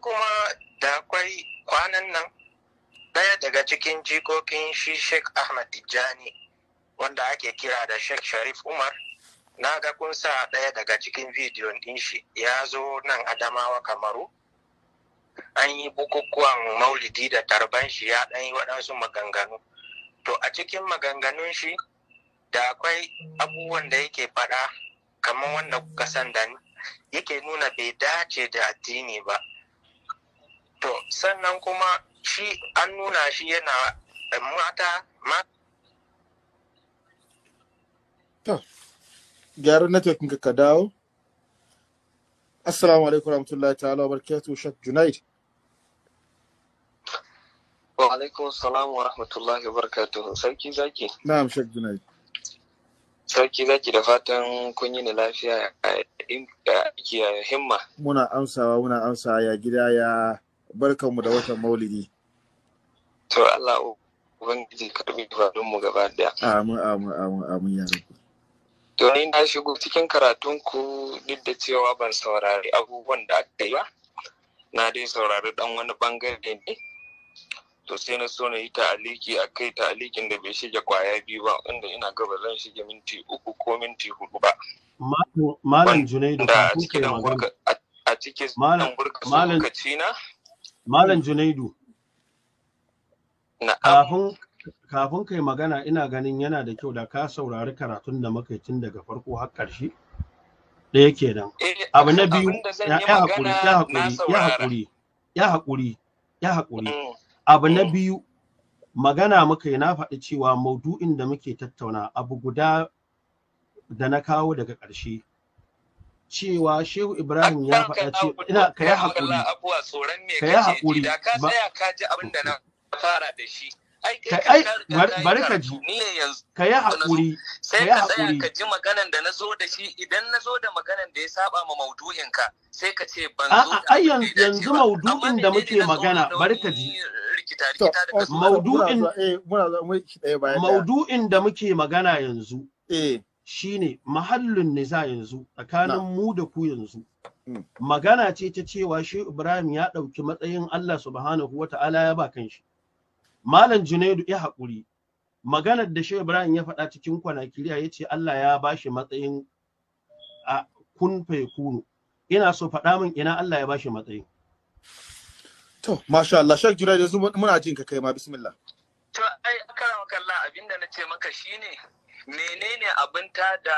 kuma da akwai kwanan nan ɗaya daga cikin jikokin shi Sheikh Ahmad Tijjani wanda ake kira da Sheikh Sharif Umar na ga kun sa ɗaya daga cikin bidiyon ɗin shi ya zo nan Adamawa Kamaru an yi bukukuwan maulidi da tarban shi ya ɗan yi waɗansu maganganu to a cikin maganganun shi da akwai abubuwan da yake faɗa kamar wanda kuka san da yake nuna bai dace da addini ba to sannan kuma shi an nuna shi yana mata ma to gyara network ka dawo assalamu alaikum warahmatullahi ta'ala wa barakatuh shak junaid wa alaikum salam wa rahmatullahi wa barakatuh sarki zaki na'am shak junaid sarki zaki da fatan kun yi ni lafiya a himma muna amsawa muna amsawa ya gida ya barkanmu da watan maulidi to Allah ubangiji karbi ibadun mu gaba daya amin amin amin amin ya rabu to ni na shigo cikin karatun ku duk da cewa ban saurari abubuwan da aka yi ba na dai saurari dan wani bangare ne to sai na so na yi ta'aliki a kai ta'alikin da bai shige kwaya biyu ba inda ina gaba zan shige minti uku ko minti hudu ba malam junaidu a cikin dan a cikin dan burka lokaci na Malam Junaidu. Kafin kafin kai magana ina ganin yana da kyau da ka saurari karatun da muka tun daga farko har ƙarshe. Da yake nan. Eh, abu na biyu ya hakuri ya hakuri ya hakuri ya hakuri ya hakuri. Mm. Abu na mm. biyu magana muka yi na faɗi cewa maudu'in da muke tattauna abu guda da na kawo daga ƙarshe cewa Shehu Ibrahim ya faɗa ce ina ka yi haƙuri. Abuwa tsoron me da ka tsaya ka ji abin da na fara da shi. Ai bari ka ji ka yi haƙuri ka yi ka ji maganan da na zo da shi idan na zo da maganan da ya saba ma maudu'in ka sai ka ce ban zo da ai yanzu maudu'in da muke magana bari ka ji. Maudu'in da muke magana yanzu. Eh. shine mahallin niza yanzu tsakanin mu da ku yanzu mm. magana ce ta cewa shi Ibrahim ya ɗauki matsayin Allah subhanahu wa ta'ala ya ba kanshi Malam Junaidu ya haƙuri maganar da shi Ibrahim ya faɗa cikin kwanakiriya ya ce Allah ya ba shi matsayin a kun kunu ina so faɗa min ina Allah ya ba shi matsayin to masha Allah Sheikh Junaidu muna jin ka kai ma bismillah to ai karawa kallah abinda na ce maka shine menene abin ta da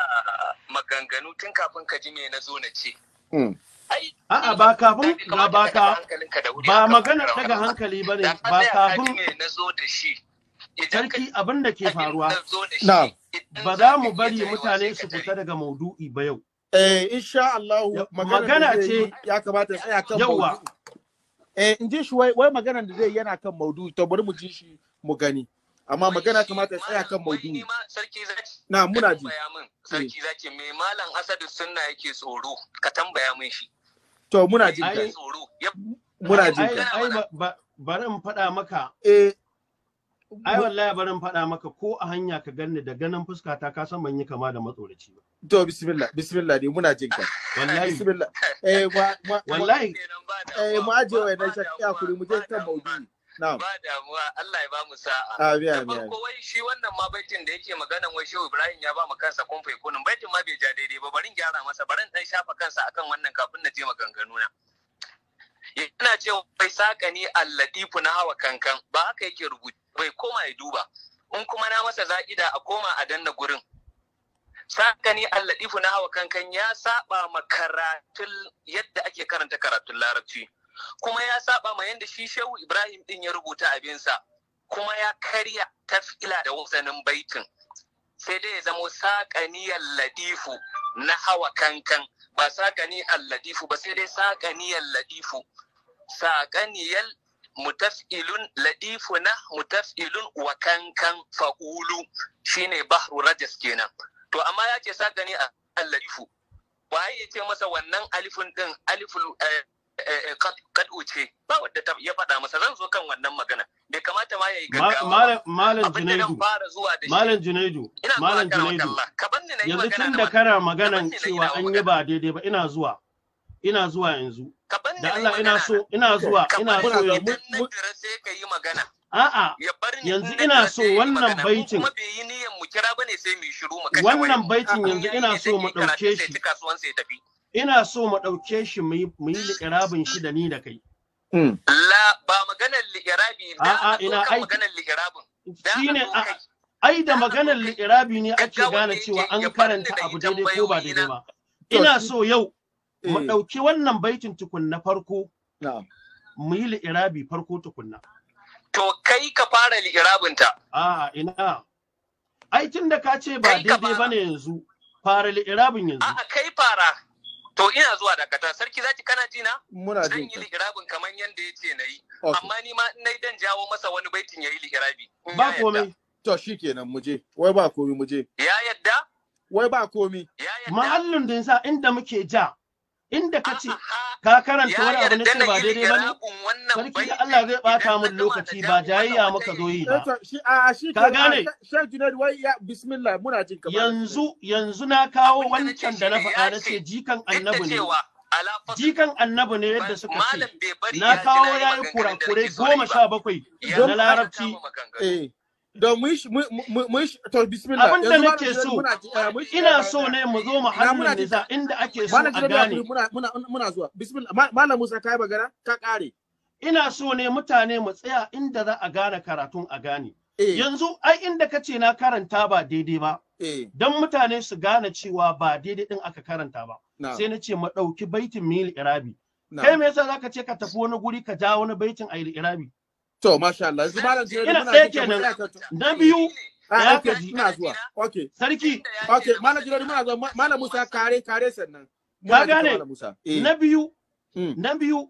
maganganu tun kafin ka ji me na zo na ce hmm. A'a ba kafin ba ba ka ba maganar daga hankali ba ne ba kafin sarki abin da ke faruwa ba za mu bari mutane su fita daga maudu'i ba yau. Eh insha Allah magana ce ya kamata tsaya kan yawa. Eh in ji shi wai maganar da zai yana kan maudu'i to bari mu ji shi mu gani. amma magana kamata ya tsaya kan maudu'i na muna ji sarki eh. zaki me malam asadu sunna yake tsoro ka tambaya min shi to muna ji ka muna ji ka ai bari faɗa maka eh ai wallahi barin in faɗa maka ko a hanya ka ganni da ganin fuska ta ka san ban yi kama da matsoraci ba to bismillah bismillah dai muna jin ka wallahi bismillah eh wallahi eh mu aje wai dan shakki akuri mu je kan maudu'i ba damuwa Allah ya ba mu sa'a da farko wai shi wannan ma baitin da yake magana wai shehu Ibrahim ya ba mu kansa kun fai kunun baitin ma bai ja daidai ba barin gyara masa barin dan shafa kansa akan wannan kafin na je maganganu na yana ce bai saka ni alladifu na hawa kankan ba haka yake rubutu bai koma ya duba in kuma na masa za'ida a koma a danna gurin Sakani ni na hawa kankan ya saba ma karatun yadda ake karanta karatun larabci kuma ya saba ma yadda shi shehu ibrahim din ya rubuta abinsa kuma ya karya tafila da wasanin baitin sai dai ya zama saƙaniyar ladifu na hawa kankan ba saƙani ladifu ba sai dai saƙaniyar ladifu saƙaniyar mutaf'ilun ladifu na mutaf'ilun wa kankan fa'ulu shine bahru rajas kenan to amma ya ce saƙani a ladifu waye ya ce masa wannan alifun din aliful eh, Eh, eh, kad uce ba wadda ta ya faɗa masa zan zo kan wannan magana da kamata ma yayi gaggawa malam junaidu malam junaidu malam junaidu yanzu tun da kana magana cewa an yi ba daidai ba ina zuwa ina zuwa yanzu da Allah ina so ina zuwa ina so ya mu magana A'a, yanzu ina so wannan baitin. Wannan baitin yanzu ina so mu ɗauke shi. ina so mu ɗauke shi mu yi likirabin shi da ni da kai. Hmm. La ba maganar liƙirabi da ina maganar likirabin. Shine ai da maganar likirabi ne ake gane cewa an karanta abu daidai ko ba daidai ba. Ina so yau mu hmm. ɗauki wannan baitin tukunna farko. Mu yi likirabi farko tukunna. To kai ka fara ta. A'a ina. Ai tun da ka ce ba daidai ba ne yanzu. Fara likirabin yanzu. A'a kai fara. To ina zuwa dakata sarki zaki kana ji na? Muna ji. Zan yi li'irabin kamar yadda ya ce na yi. Amma ni ma na dan jawo masa wani baitin ya yi li'irabi. Ba komai. To shi kenan mu je. Wai ba komai mu je. Ya yadda? Wai ba komai. Ya yadda. Mahallin da inda muke ja inda ka ce ka karanta wani abu na ce ba daidai ba ne sarki da Allah zai bata min lokaci ba jayayya muka zo yi ba ka gane yanzu yanzu na kawo wancan da na faɗa na ce jikan annabi ne jikan annabi ne yadda suka ce na kawo yayi kurakurai goma sha bakwai na larabci don mun mun to bismillah abin so eh, ina so ne mu zo mu hannun nisa inda ake so a gane ina so ne mutane mu tsaya inda za a gane karatun a gane eh. yanzu ai inda ka ce na karanta ba daidai ba eh. don mutane su gane cewa ba daidai din aka karanta ba sai na ce mu ɗauki baitin mil irabi kai me yasa zaka ce ka tafi wani guri ka ja wani baitin a irabi To, masha Allah, yanzu malam jere muna cikin Na biyu, ah, ya kaji. Ina zuwa, ok. Sarki. Ok, malam jere muna zuwa, malam Musa kare kare sannan. Ka gane, eh. na biyu, hmm. na biyu,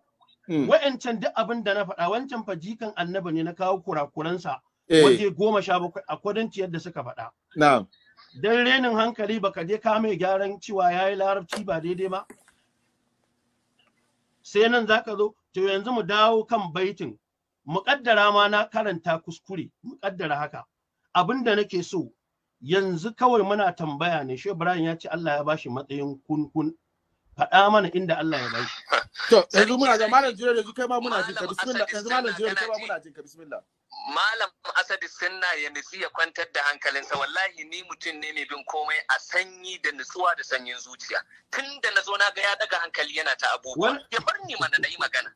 hmm. wa'ancan duk abin da na faɗa, wancan fajikan annaba annabi ne na kawo kurakuransa. Eh. Waje goma sha bakwai a kwadanci yadda suka faɗa. Na'am. Dan renin hankali baka je ka mai gyaran cewa ya yi larabci ba daidai ba. Sai nan za ka zo, to yanzu mu dawo kan baitin. muƙaddara ma na karanta kuskure muƙaddara haka abin da nake so yanzu kawai muna tambaya ne shi Ibrahim ya ce Allah ya bashi matsayin kun kun faɗa mana inda Allah ya bashi to yanzu muna ga malam jure yanzu kai ma muna jin ka bismillah yanzu malam jure kai ma muna jin ka bismillah malam asadi sunna ya nutsi ya kwantar da hankalinsa wallahi ni mutum ne mai bin komai a sanyi da nutsuwa da sanyin zuciya tun da na zo na ga ya daga hankali yana ta abubuwa ya bar ni mana na yi magana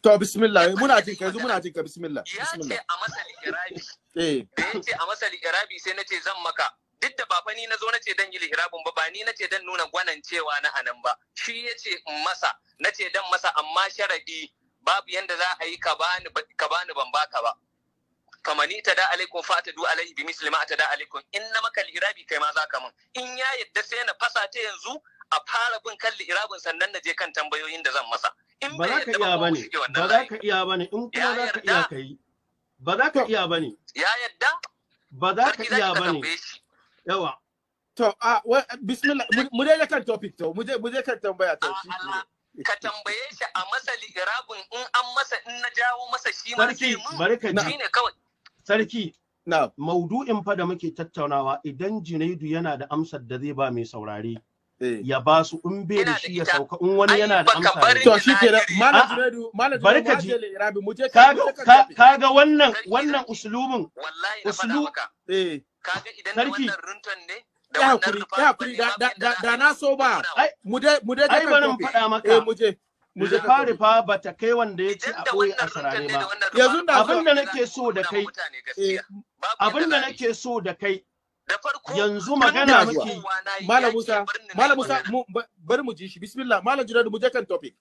To bismillah muna jin ka yanzu muna jin ka bismillah. Ya ce a masa irabi. Eh. Da ya ce a masa irabi sai na ce zan maka. Duk da ba ni na zo na ce dan yi lihirabin ba ba ni na ce dan nuna cewa na anan ba. Shi ya ce masa na ce dan masa amma sharadi babu yanda za a yi ka bani ka bani ban baka ba. kamani ta da alaikum fa ta du alaihi bi mislima ta da alaikum in na maka lihirabi kai ma za ka mun in ya yadda sai na fasa ta yanzu a fara bin kan irabin sannan na je kan tambayoyin da zan masa in ba za ka iya ba ne ba za ka iya ba ne in kuma za ka iya ka yi ba za ka iya ba ne ya yadda ba za ka iya ba ne yawa to a bismillah mu dai kan topic to mu je kan tambaya to ka tambaye shi a masa irabin in an masa in na jawo masa shi ma sai mun barka ji ne kawai sarki na maudu'in fa da muke tattaunawa idan Junaidu yana da amsar da zai ba mai saurare Eh. ya ba su in bai da shi ya sauka in wani yana da amsa to shi ke malam ka ji wannan wannan eh kaga da wannan rufa faɗa maka eh fa ba ta kai wanda ya ci a ɓoye a ba yanzu abin da eh. nake so da kai abin da nake so da kai yanzu magana muke malam Musa malam Musa bari mu ji shi bismillah malam Junaidu mu je kan topic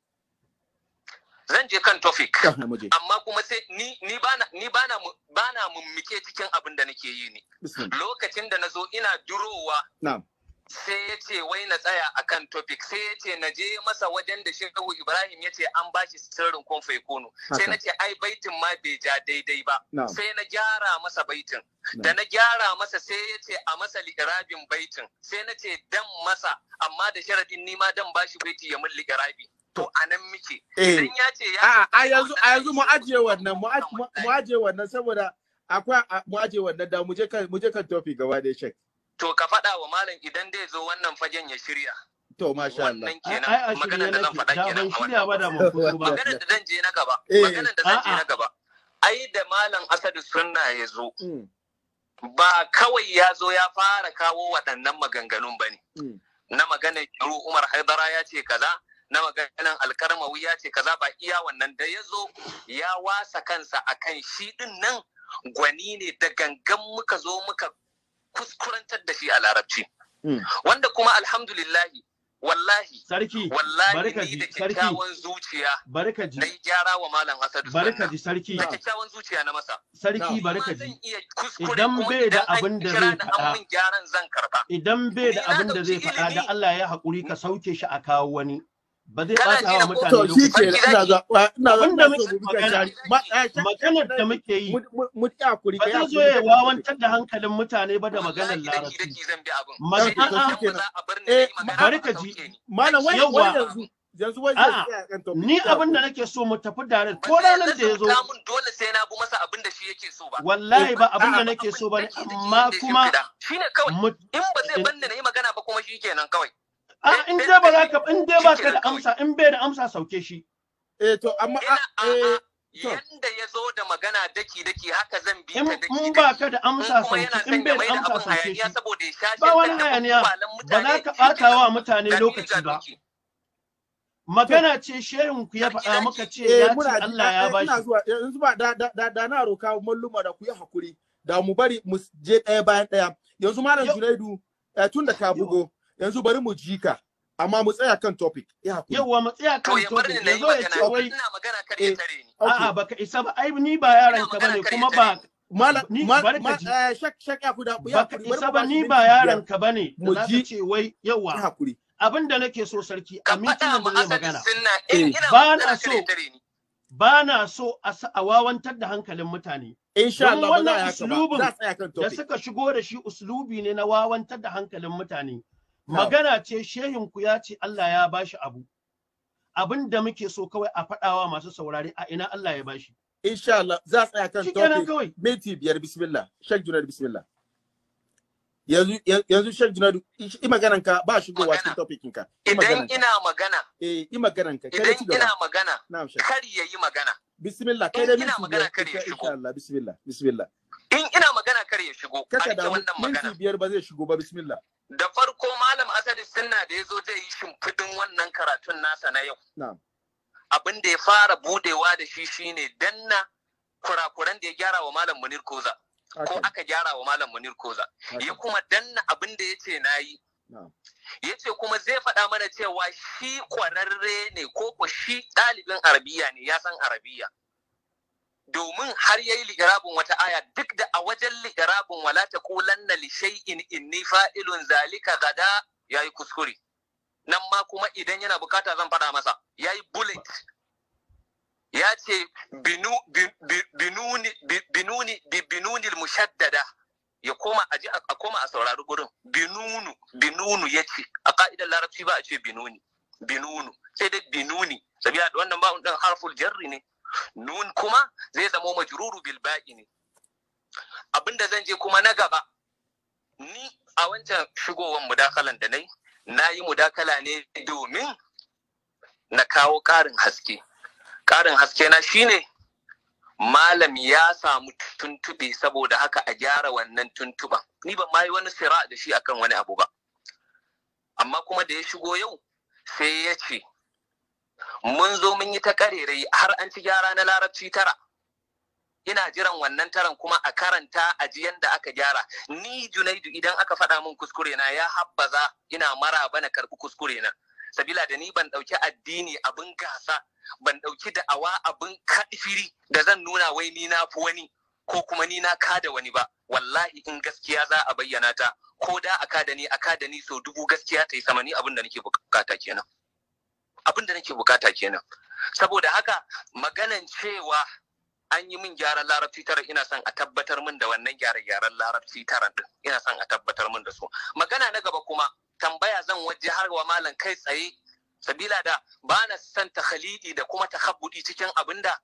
zan je kan topic amma kuma sai ni ni bana ni bana bana mummike cikin abin da nake yi ne lokacin da nazo ina durowa na'am sai ya ce wai na tsaya akan topic sai ya ce na je masa wajen da shehu ibrahim ya ce an bashi sirrin kun kunu sai na ce ai baitin ma bai ja daidai ba sai na gyara masa baitin da na gyara masa sai ya ce a masa likirabin baitin sai na ce dan masa amma da sharaɗin nima dan bashi baiti ya mun likirabi to a nan muke eh. idan ya ce ya a yanzu a yanzu mu ajiye wannan mu ajiye wannan saboda akwai mu ajiye wannan da mu je kan mu je kan topic gaba da shek to ka faɗa wa malam idan dai zo wannan fagen ya shirya to masha Allah ai a shirya na ki ban shirya ba da mun fito ba maganar da zan je na gaba eh. maganar da zan je na gaba ai da malam Asadu Sunna ya zo mm. ba kawai ya zo ya fara kawo waɗannan maganganun ba ne. Mm. Na maganar Kiru Umar Haidara ya ce kaza, na maganin Alkarmawi ya ce kaza ba iya wannan da ya zo ya wasa kansa akan shi ɗin nan gwani ne da gangan muka zo muka kuskurantar da shi a larabci hmm. wanda kuma alhamdulillahi wallahi sarki wallahi ni da kyakkyawan zuciya barkaji dan gyara wa malam Asadu barkaji sarki da kyakkyawan zuciya na masa sarki barkaji idan bai da abin da zai faɗa idan bai da abin da zai faɗa da Allah ya hakuri ka sauke shi a kawo wani ba zai ɓata wa mutane lokaci maganar da muke yi mu ta kuri ba zai zo ya wawantar da hankalin mutane ba da maganar larabci eh, bari ka ji malam ni abin da nake so mu tafi da ko ranar da ya zo. dole sai na bu masa abin da shi yake so ba wallahi ba abin da nake so ba amma kuma shine kawai in ba zai na yi magana ba kuma shi kenan kawai a ah, in dai ba za ka in dai ba ka da amsa in bai da amsa sauke shi eh to amma ah, eh yanda ya zo da magana daki daki haka zan bi ka daki in ba ka da amsa sauki in bai da amsa sauke shi ba wani hayaniya ba za ka ɓata wa mutane lokaci ba magana ce shehin ku ya faɗa maka ce eh, ya ce Allah ya eh, bashi ina zuwa eh, yanzu ba da da na roka malluma da ku yi hakuri da mu bari mu je ɗaya bayan ɗaya yanzu malam Junaidu tun da ka bugo yanzu bari mu ji ka amma mu tsaya kan topic ya hakuri yawa mu tsaya kan topic yanzu ya ce wai ina magana kar tare ni a'a baka isa ba ai ni ba yaran ka bane kuma ba mala ni bari ji eh, shak shak ya kuda ya baka isa ba ni ba yaran ka bane mu ji ce wai yawa ya hakuri abin da nake so sarki a mintunan da zai magana eh. Eh, ba na so ba na so a wawantar da hankalin mutane. Insha wannan ba Da suka shigo da shi uslubi ne na wawantar da hankalin mutane. magana ce shehin ku ya ce Allah ya bashi abu abin da muke so kawai a faɗawa masu saurare a ina Allah ya bashi insha Allah za tsaya kan topic minti biyar bismillah shek junar bismillah yanzu yanzu shek junaid i maganan ka ba shi shigowa cikin topic ka idan ina magana eh i maganan ka idan ina magana na'am shek kar yayi magana bismillah kai da minti ina magana kar ya insha Allah bismillah bismillah ya shigo a wannan biyar ba zai shigo ba bismillah da farko malam asali sunna da ya zo zai yi shimfidin wannan karatun nasa na yau abin da ya fara budewa da shi shine danna kurakuran da ya gyara wa malam munir koza ko aka gyara wa malam munir koza ya kuma danna abin da ya ce na yi ya kuma zai faɗa mana cewa shi kwararre ne ko shi ɗalibin arabiya ne ya san arabiya domin har yayi ligarabin wata aya duk da a wajen ligarabin wala taqulanna li shay'in inni fa'ilun zalika gada yayi kuskure nan ma kuma idan yana bukata zan fada masa yayi bullet ya ce binuni bi mushaddada ya koma a koma a saurari gurin binunu binunu ya ce a ka'idar larabci ba a ce binuni binunu sai dai binuni sabiya da wannan ba'un din harful jarri ne nun kuma zai zamo majruru bil ba'i ne abinda zan je kuma na gaba ni a wancan shigowan mudakalan da nai na yi mudakala ne domin na kawo ƙarin haske ƙarin haske na shine malam ya samu tuntube saboda haka a gyara wannan tuntuban ni ban ma yi wani sira da shi akan wani abu ba amma kuma da ya shigo yau sai ya ce mun zo mun yi ta karerai har an ci gyara na larabci tara ina jiran wannan taran kuma a karanta a ji yanda aka gyara ni junaidu idan aka faɗa min kuskure na ya habbaza ina mara bana karɓi kuskure na sabila da ni ban ɗauki addini abin gasa ban ɗauki da awa abin kaɗifiri da zan nuna wai ni na fi wani ko kuma ni na kada wani ba wallahi in gaskiya za a bayyana ta ko da a kada ni a kada ni so dubu gaskiya ta yi sama ni abin da nake bukata kenan abin da nake bukata kenan saboda haka maganan cewa an yi min gyaran larabci tara ina son a tabbatar min da wannan gyara gyaran larabci tara din ina son a tabbatar min da su magana na gaba kuma tambaya zan waje har wa malam kai tsaye sabila da ba na son takhalidi da kuma takabbudi cikin abin da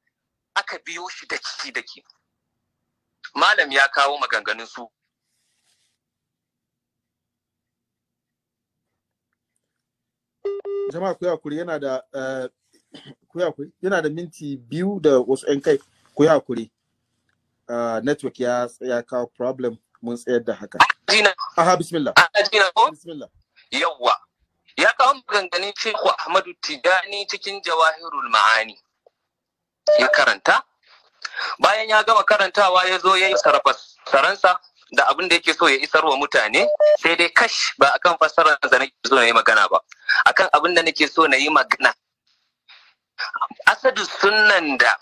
aka biyo shi da ciki daki malam ya kawo maganganun su jama'a ku yana da eh, ku yana da minti biyu da wasu yan kai ku hakuri eh, network ya ya kawo problem mun tsayar da haka aha bismillah ah, bismillah yawwa ya kawo maganganun Shehu Ahmadu Tijani cikin Jawahirul Ma'ani ya karanta bayan ya gama karantawa ya zo ya yi saransa da abin da yake so ya isar wa mutane sai dai kash ba akan fassarar da nake so na yi magana ba akan abin da nake so na yi magana asadu sunan da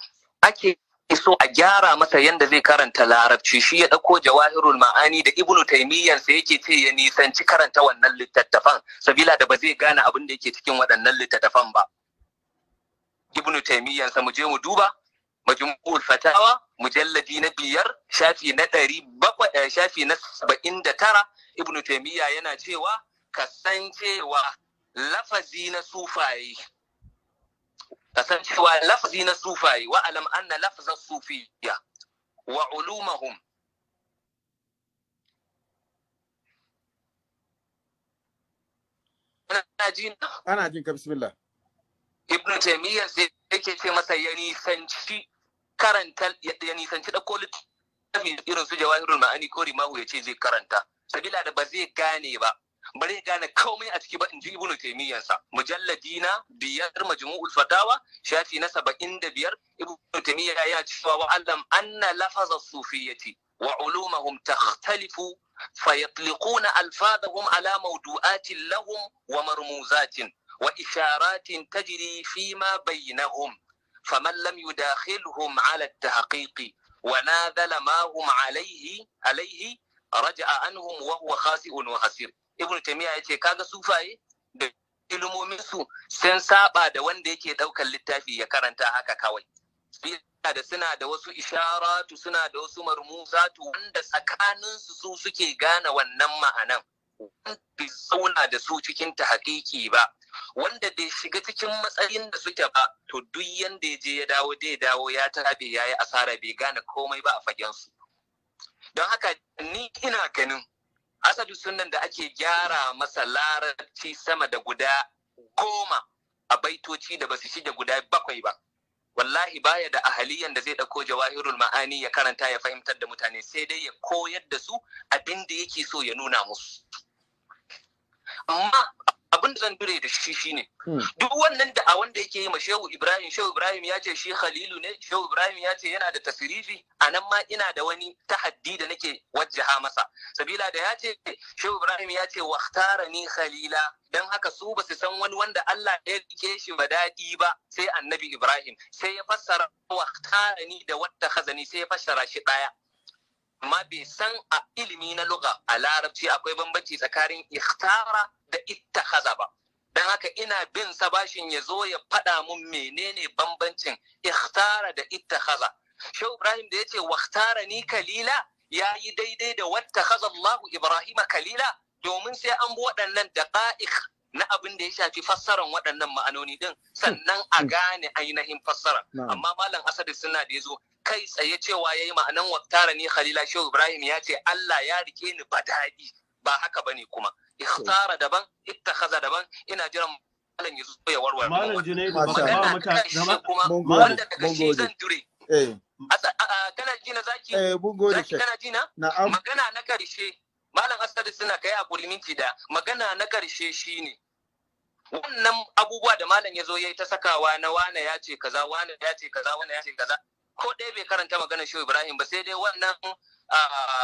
ake so a gyara masa yadda zai karanta larabci shi ya ɗauko jawahirul ma'ani da ibnu taimiyyar sai yake ce ya nisanci karanta wannan littattafan sabila da ba zai gane abin da yake cikin waɗannan littattafan ba ibnu taimiyyar sa mu je mu duba majmu'ul fatawa mujalladi na biyar shafi na ɗari shafi na saba'in da tara ibnu taimiyya yana cewa kasancewa lafazi na sufaye kasancewa lafazi na sufaye wa alam anna lafzan sufiya wa ulumahum ana jin ka bismillah ibnu taimiyya sai yake ce masa ya nisanci karanta ya nisanci ɗauko littafi irin su jawahirul ma'ani ko rimahu ya ce zai karanta sabila da ba zai gane ba ba zai gane komai a ciki ba in ji ibnu taymiyyah sa biyar majmu'ul fatawa shafi na saba'in da biyar ibnu taymiyyah yana cewa wa allam anna lafaza sufiyyati wa ulumahum takhtalifu فيطلقون ألفاظهم wa موضوعات wa ومرموزات وإشارات تجري فيما بينهم faman lam yudakhilhum ala tahqiqi wa nadhala ma hum alaihi alaihi raja'a anhum wa huwa khasi'un wa hasir ibnu taymiya yace kaga sufaye da ilmomin su sun saba da wanda yake ɗaukar littafi ya karanta haka kawai da suna da wasu isharatu suna da wasu marmuzatu wanda tsakanin su su suke gane wannan ma'anan bai zauna da su cikin ta hakiki ba wanda bai shiga cikin matsayin da suke ba to duk yanda ya je ya dawo dai dawo ya tabe ya yi asara bai gane komai ba a fagen su don haka ni ina ganin asadu sunan da ake gyara masa larabci sama da guda goma a baitoci da ba su shige guda bakwai ba wallahi baya da ahaliyan da zai ɗauko jawahirul ma'ani ya karanta ya fahimtar da mutane sai dai ya koyar da su abin da yake so ya nuna musu amma abin da zan dure da shi shine hmm. duk wannan da a wanda yake yi ma shehu ibrahim shehu ibrahim ya ce shi khalilu ne shehu ibrahim ya ce yana da tasirifi a nan ma ina da wani tahaddi da nake wajjaha masa sabila da ya ce shehu ibrahim ya ce ni khalila dan haka su ba su san wani wanda Allah ya rike shi ba daɗi ba sai annabi ibrahim sai ya fassara waktara ni da wata khazani sai ya fassara shi ɗaya amma bai san a ilimi na luga a larabci akwai bambanci tsakanin ikhtara da ittakhaza ba dan haka ina bin sa bashin ya zo ya faɗa mun menene bambancin ikhtara da ittakhaza Shehu Ibrahim da yace waktara ni kalila ya yi daidai da wata Allahu Ibrahim kalila domin sai an bi waɗannan daqa'iq na abin da ya shafi fassaran waɗannan ma'anoni din sannan a hmm. gane ainihin fassara amma malam asadi suna da zo kai tsaye cewa ya yi ma'anan waktara ni khalila shehu ibrahim ya ce Allah ya rike ni ba daɗi ba haka ba ne kuma ikhtara daban ittakhaza daban ina jiran malam ya zo ya warware malam junaidu ba ba maka zama wanda daga shi zan dure. Kana kana jina zaki eh da kana ji na? Eh, magana na karshe malam asadi suna kai hakuri minti da magana na karshe shine wannan abubuwa da malam ya zo ya yi ta sakawa na wane ya ce kaza wane ya ce kaza wane ya ce kaza ko ɗaya bai karanta magana shehu ibrahim ba sai dai wannan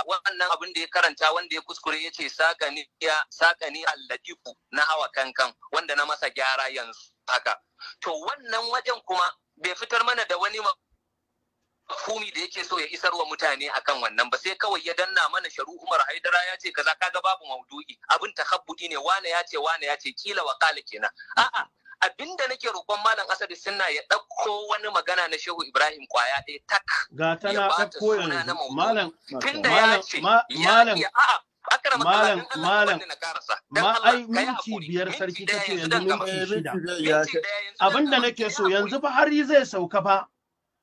wannan abin da ya karanta wanda ya kuskure ya ce sakani ya sakani na hawa kankan wanda na masa gyara yanzu haka to wannan wajen kuma bai fitar mana da wani mafhumi da yake so ya isar wa mutane akan wannan ba sai kawai ya danna mana sharu Umar Haidara ya ce kaza ga babu maudu'i abin takabbudi ne wane ya ce wane ya ce kila wa kala kenan a'a abinda nake roƙon malam Asadi sunna ya ɗauko wani magana na shehu ibrahim kwaya ɗaya tak ga ta na ɗauko yanzu malam tunda ya ce malam malam malam ma ai minti biyar sarki kace yanzu eh, minti shida abinda nake so yanzu fa har zai sauka fa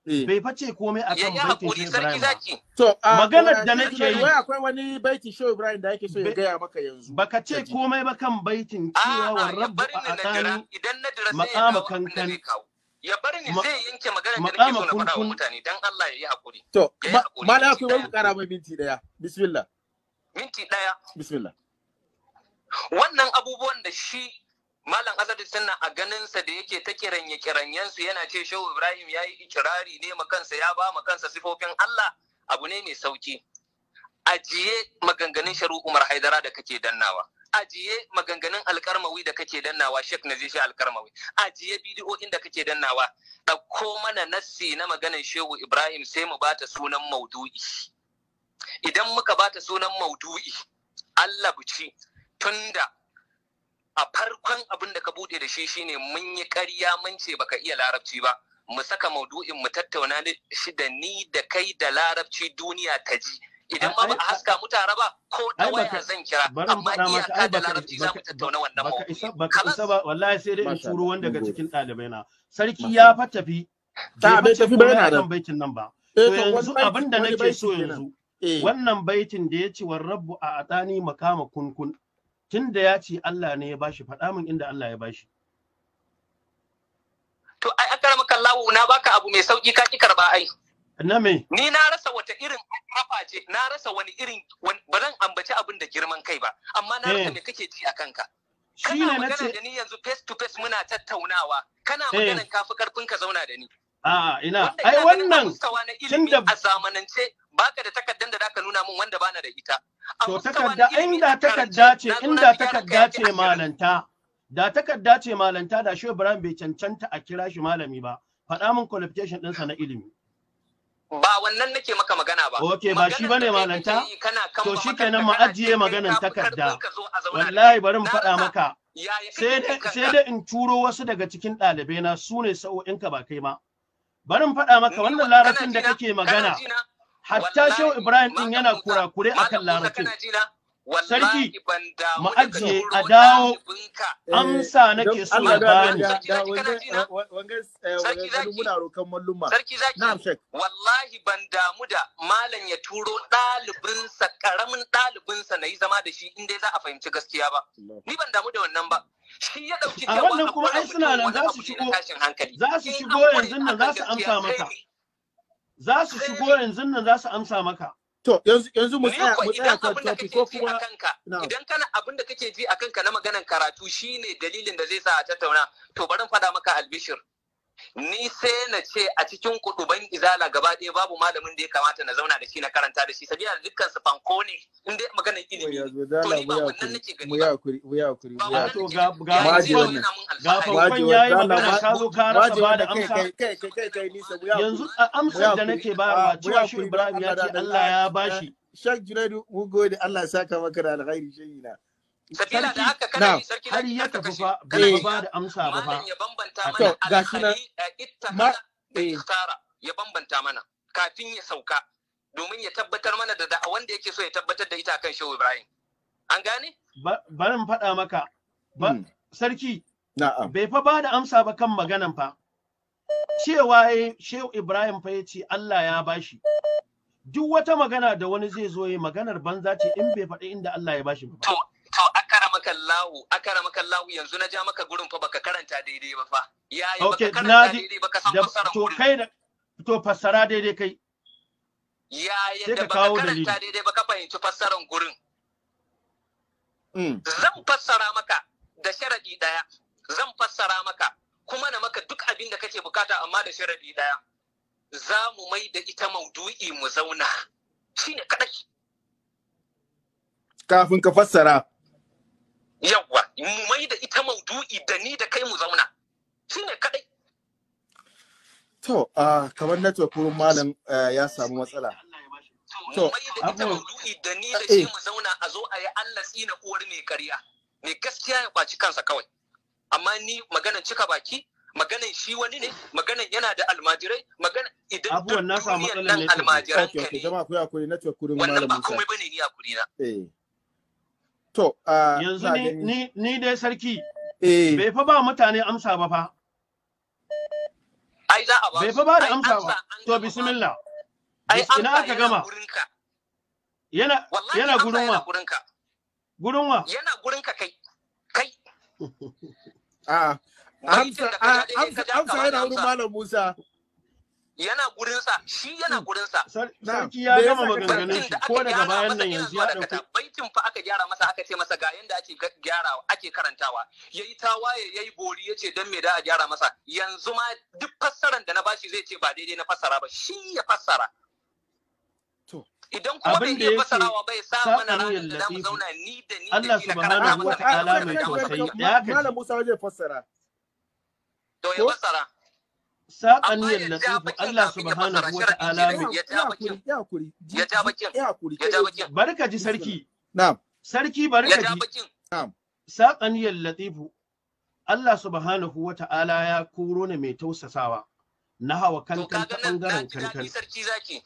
Eh. bai face komai a kan baitin Shehu Ibrahim ba. To, maganar da nake yi. akwai wani baitin Shehu Ibrahim da ake so ya gaya maka yanzu. Baka ce komai ba kan baitin cewa wa rabbu a tsani makama kankan. Ya bari ni zai yanke maganar da nake so na faɗa wa mutane dan Allah ya yi hakuri. To, mala akwai wani kara mai minti daya. Bismillah. Minti daya. Bismillah. Wannan abubuwan da shi Malam Asadu suna a ganinsa da yake ta kiranye kiranyensu yana ce Shehu Ibrahim ya yi ikirari ne kansa ya ba kansa sifofin Allah abu ne mai sauki. Ajiye maganganun Sharu Umar Haidara da kake dannawa. Ajiye maganganun alkarmawi da kake dannawa Sheikh Nazishi alkarmawi. Ajiye bidiyoyin da kake dannawa. Ɗauko mana nassi na maganar Shehu Ibrahim sai mu ba ta sunan maudu'i. Idan muka ba ta sunan maudu'i, Allah buci tunda a farkon abin da ka bude da shi shine mun yi ƙarya mun ce baka iya larabci ba mu saka maudu'in mu tattauna shi da ni da kai da larabci duniya ta ji idan ba a haska mu tare ba ko da waya zan kira amma iyaka da larabci za mu tattauna wannan maudu'i ba wallahi sai dai in turo wanda daga cikin ɗalibai na sarki ya fa tafi ta bai tafi ba yana da baitin nan ba eh, yanzu abin da nake so yanzu eh. wannan baitin da ya ce wa rabbu a atani makama kunkun tun da ya ce Allah ne ya bashi faɗa min inda Allah ya bashi to ai an karama kallawo na baka abu mai sauki ka ƙi karba ai na me ni na rasa wata irin kafa ce na rasa wani irin ba zan ambaci abin da girman kai ba amma na rasa eh. me kake ji a kanka kana magana da ni yanzu face to face muna tattaunawa kana eh. magana kafi karfin ka zauna da ni a'a ina ai wannan tunda a zamanance baka da takardar da zaka nuna min wanda bana da ita to takarda inda takarda ce inda takarda ce malanta da takarda ce malanta da shi Ibrahim bai cancanta a kira shi malami ba faɗa min qualification ɗinsa na ilimi ba wannan nake maka magana ba. Ok, ba shi bane malanta? To shi kenan ma ajiye maganar takarda. Wallahi bari mu faɗa maka. Sai dai in turo wasu daga cikin ɗalibaina su ne sa'o'inka ba kai ma. Bari mu faɗa maka wannan larabcin da kake magana. hatta shau ibrahim din yana kurakure akan larabcin sarki mu ajiye a dawo eh, amsa nake so na bani Sarki wallahi ban damu da malam ya turo ɗalibinsa ƙaramin ɗalibinsa na yi zama da shi inda za a fahimci gaskiya ba ni ban damu da wannan ba a wannan kuma ai suna nan za su shigo za su shigo yanzu nan za su amsa maka za su shigo yanzu nan za su amsa maka to yanzu mu tsaya mu tsaya kan topic ko kuma idan kana abin da kake ji a kanka na maganar karatu shine dalilin da zai sa a tattauna to bari faɗa maka albishir ni sai na ce a cikin kuduban izala gaba ɗaya babu malamin da ya kamata na zauna da shi na karanta da shi sabida da dukkan su fanko ne in dai magana ilimi to ni ba wannan nake gani ba mu ya kuri mu ya ga ga ga yayi magana ka zo ka rasa ba da amsa kai kai kai kai ya yanzu amsar da nake ah, ba cewa shi Ibrahim ya ce Allah ya bashi eh, Shak mu gode Allah ya saka maka da alkhairi na Sabila da haka kada sarki tafi bai fa. ya so ya tabbatar Sarki. Bai ba da amsa ba kan maganan fa. Cewa Shehu Ibrahim fa ya Allah ya bashi. Duk wata magana da wani zai zo yi maganar banza ce in bai faɗi inda Allah ya bashi ba. to a lahu maka lahu yanzu na ja maka gurin fa baka karanta daidai ba fa yayi okay, baka karanta daidai baka san fassara to kai da to fassara daidai kai yaya da baka karanta daidai baka fahimci fassaran gurin mm. zan fassara maka da sharadi daya zan fassara maka kuma na maka duk abin da kake bukata amma da sharadi daya za mu mai da ita maudu'i mu zauna shine kadai kafin ka fassara yawwa mu mai da ita maudu'i da ni da kai mu zauna Shi ne kadai to a kamar network wurin malam eh, ya samu matsala to ita maudu'i da ni da eh, kai mu zauna a zo a yi Allah tsina uwar mai ƙarya mai gaskiya ya kwaci kansa kawai amma ni maganan cika baki maganan shi wani ne maganan yana da almajirai maganan idan abubuwan na samu matsalar ne almajiran ka ne wannan ba komai bane ni a kuri na eh. To, yanzu ni dai sarki, eh. bai fa ba mutane amsa ba fa. Ai za a ba Bai fa ba da amsa ba. To, bismillah. Ai ina aka gama. Yana yana gurinka. wa. Gurin wa. Yana gurinka kai. Kai. Ah. A amsa ah, amsa yana wurin Malam Musa. yana gurinsa shi yana gurinsa sarki ya gama maganganun shi ko daga bayan nan yanzu ya dauki baitin fa aka gyara masa aka ce masa ga yanda ake gyarawa ake karantawa yayi tawaye yayi bori yace dan me da a gyara masa yanzu ma duk fassaran da na bashi zai ce ba daidai na fassara ba shi ya fassara idan kuma bai iya fassarawa bai sa mana ranar da zamu zauna ni da ni da Allah subhanahu wa ta'ala mai tausayi ya malam Musa zai fassara to ya fassara saƙaniyar latifu Allah subhanahu wa ta'ala mai barka ji sarki sarki barka ji latifu Allah subhanahu wa ta'ala ya koro ne mai tausasawa na hawa kankan ta bangaren kankan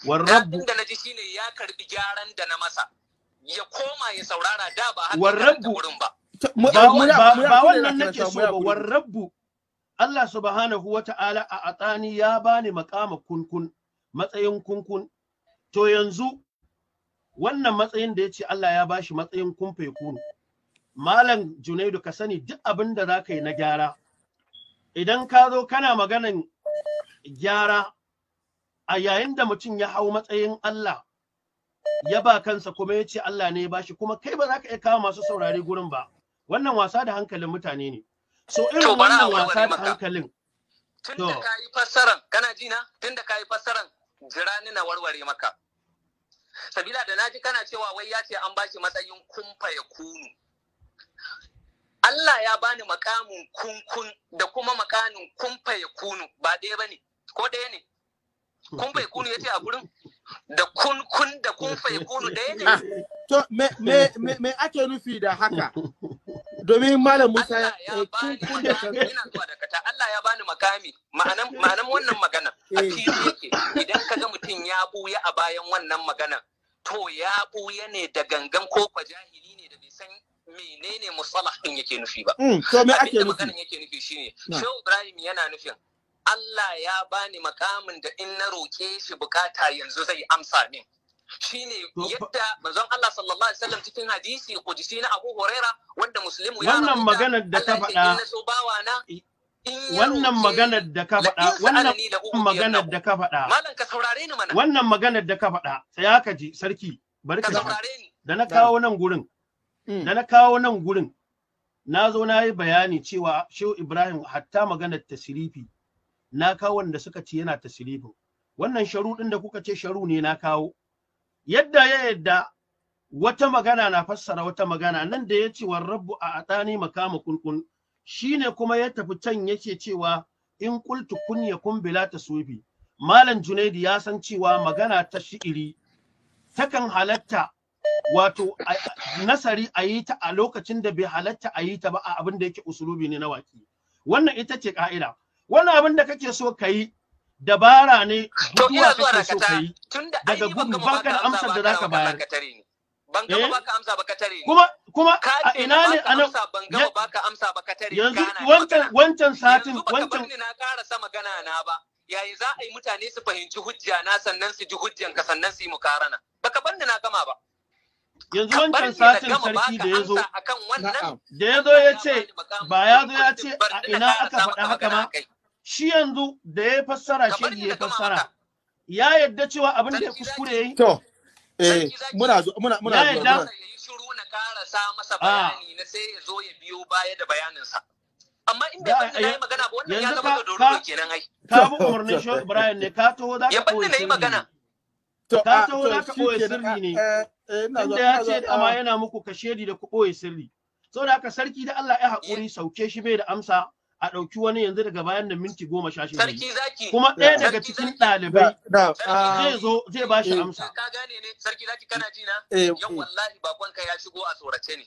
warrabu da naji shine na masa ba wannan nake so ba warrabu Allah subhanahu wa ta'ala a atsani ya bani makama kunkun matsayin kunkun to yanzu wannan matsayin da ya ce Allah ya bashi matsayin kumfe kunu malam Junaidu ka sani duk abin da za ka yi na gyara idan ka zo kana maganan gyara a yayin da mutum ya hau matsayin Allah ya ba kansa kuma ya ce Allah ne ya bashi kuma kai ba za ka iya kawo masu saurari gurin ba wannan wasa da hankalin mutane ne So irin wannan wasa ta hankalin. Tun da ka yi fassaran, kana ji na? Tun da ka jira ni na warware maka. Sabila da naji kana cewa wai ya ce an bashi matsayin kumfa ya kunu. Allah ya bani makamin kunkun da kuma makamin kumfa ya kunu ba ɗaya ba ne, ko ɗaya ne. Kumfa ya kunu ya ce a gurin? da kun kun da kun kunu ɗaya ne. To me ake nufi da haka? domin malam Musa ya bani ina dakata Allah ya bani makami ma'anan wannan magana a eh. fili yake idan kaga mutum ya buya a bayan wannan magana to ya buya ne da gangan ko kwa jahili ne da bai san menene musalahin yake nufi ba hmm, to me ake nufi yake nufi shine Shehu Ibrahim yana nufin Allah ya bani makamin da in na roke shi bukata yanzu zai amsa min shine yadda manzon Allah sallallahu alaihi wasallam cikin hadisi qudsi na Abu Huraira wanda muslimu ya wannan magana da ta faɗa wannan magana da ka faɗa wannan magana da ka faɗa malam ka saurare ni mana wannan magana da ka faɗa sai ka ji sarki bari ka saurare ni da na kawo nan gurin mm. da na kawo nan gurin na zo na yi bayani cewa Shehu Ibrahim hatta magana tasirifi na kawo wanda suka ce yana tasirifin wannan sharuɗin da kuka ce sharu ne na kawo yadda ya yadda wata magana na fassara wata magana nan da ya ce wa rabbu a atani makama shi shine kuma ya tafi can yake cewa in qultu kun ta bila sufi malam junaidi ya san cewa magana ta shi'iri takan halatta wato nasari a yi ta a lokacin da bai halatta a yi ta ba a abin da yake usulubi ne na waki wannan ita ce ka'ida wannan abin da kake so ka yi dabara ne to ina zuwa dakata tunda daga gudu baka da amsar da zaka bayar ban gama baka amsa ba katare ne kuma kuma a ina ne ana ban gama baka amsa ba katare yanzu wancan wancan satin wancan na karasa magana na ba yayi za a yi mutane su fahimci hujja na sannan su ji hujjan ka sannan su yi mukarana baka ban na gama ba yanzu wancan satin sarki da ya zo da ya zo ya ce ba ya zo ya ce a ina aka faɗa haka ma shi yanzu da ya fassara shi ya fassara ya yadda cewa abin da ya kuskure yi to eh muna zo muna muna zo ya yadda shiru na karasa masa bayani ah. na sai ya zo ya biyo baya da bayanin sa amma in bai bani nayi eh, magana ba wannan ya zama da doro kenan ai ka bu umarnin shi Ibrahim ne ka taho da ya bani nayi magana to ka ah, taho da ka koyi sirri ne ah, eh, inda ina zo amma yana muku kashedi da ku koyi sirri saboda haka sarki da Allah ya haƙuri sauke shi bai da amsa a ɗauki wani yanzu daga bayan da minti goma sha shida sarki zaki kuma ɗaya daga cikin ɗalibai zai zo zai ba shi eh, amsa ka gane ne sarki zaki kana ji na eh, yan mm. wallahi bakon ka ya shigo a tsorace ne